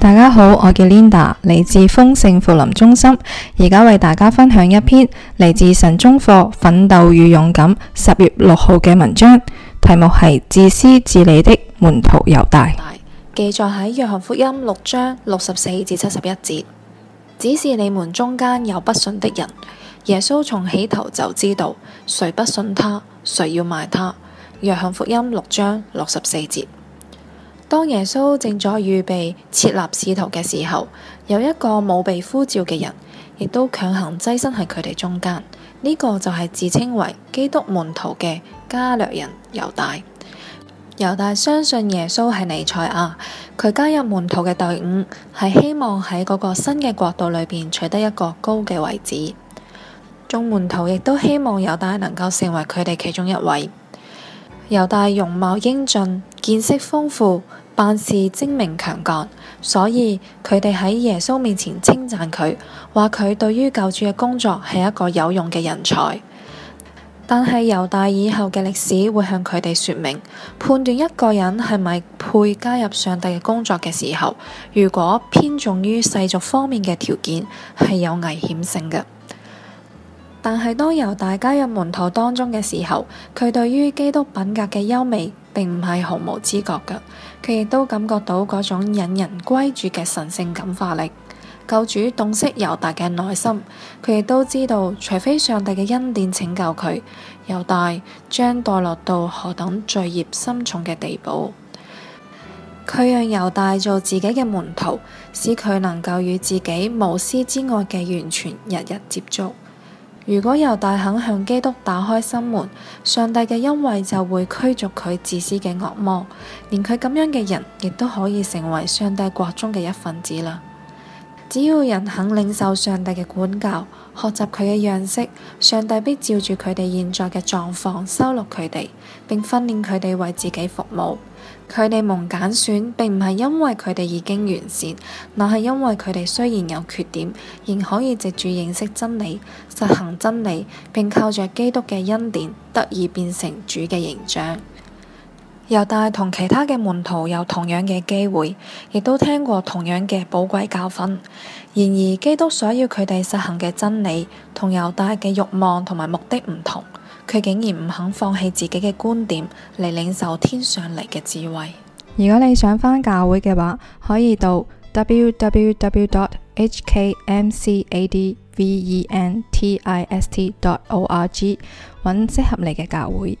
大家好，我叫 Linda，嚟自豐盛福林中心，而家為大家分享一篇嚟自神中課《奮鬥與勇敢》十月六號嘅文章，題目係自私自利的門徒猶大，記載喺約翰福音六章六十四至七十一節。只是你們中間有不信的人，耶穌從起頭就知道誰不信他，誰要賣他。約翰福音六章六十四節。當耶穌正在預備設立使徒嘅時候，有一個冇被呼召嘅人，亦都強行躋身喺佢哋中間。呢個就係自稱為基督門徒嘅加略人猶大。猶大相信耶穌係彌賽亞，佢加入門徒嘅隊伍，係希望喺嗰個新嘅國度裏邊取得一個高嘅位置。眾門徒亦都希望猶大能夠成為佢哋其中一位。猶大容貌英俊。見識豐富，辦事精明強幹，所以佢哋喺耶穌面前稱讚佢，話佢對於救主嘅工作係一個有用嘅人才。但係猶大以後嘅歷史會向佢哋說明，判斷一個人係咪配加入上帝嘅工作嘅時候，如果偏重於世俗方面嘅條件，係有危險性嘅。但係，當猶大加入門徒當中嘅時候，佢對於基督品格嘅優美，並唔係毫無知覺嘅。佢亦都感覺到嗰種引人歸主嘅神聖感化力。救主洞悉猶大嘅內心，佢亦都知道，除非上帝嘅恩典拯救佢，猶大將墮落到何等罪孽深重嘅地步。佢讓猶大做自己嘅門徒，使佢能夠與自己無私之外嘅完全日日接觸。如果猶大肯向基督打開心門，上帝嘅恩惠就會驅逐佢自私嘅惡魔，連佢咁樣嘅人亦都可以成為上帝國中嘅一份子啦。只要人肯領受上帝嘅管教，學習佢嘅樣式，上帝必照住佢哋現在嘅狀況，收錄佢哋，並訓練佢哋為自己服務。佢哋蒙揀選，並唔係因為佢哋已經完善，乃係因為佢哋雖然有缺點，仍可以藉住認識真理、實行真理，並靠着基督嘅恩典，得以變成主嘅形象。猶大同其他嘅門徒有同樣嘅機會，亦都聽過同樣嘅寶貴教訓。然而，基督所要佢哋實行嘅真理，同猶大嘅慾望同埋目的唔同。佢竟然唔肯放棄自己嘅觀點嚟領受天上嚟嘅智慧。如果你想返教會嘅話，可以到 w w w dot h k m c a d v e n t i s t dot o r g 揾適合你嘅教會。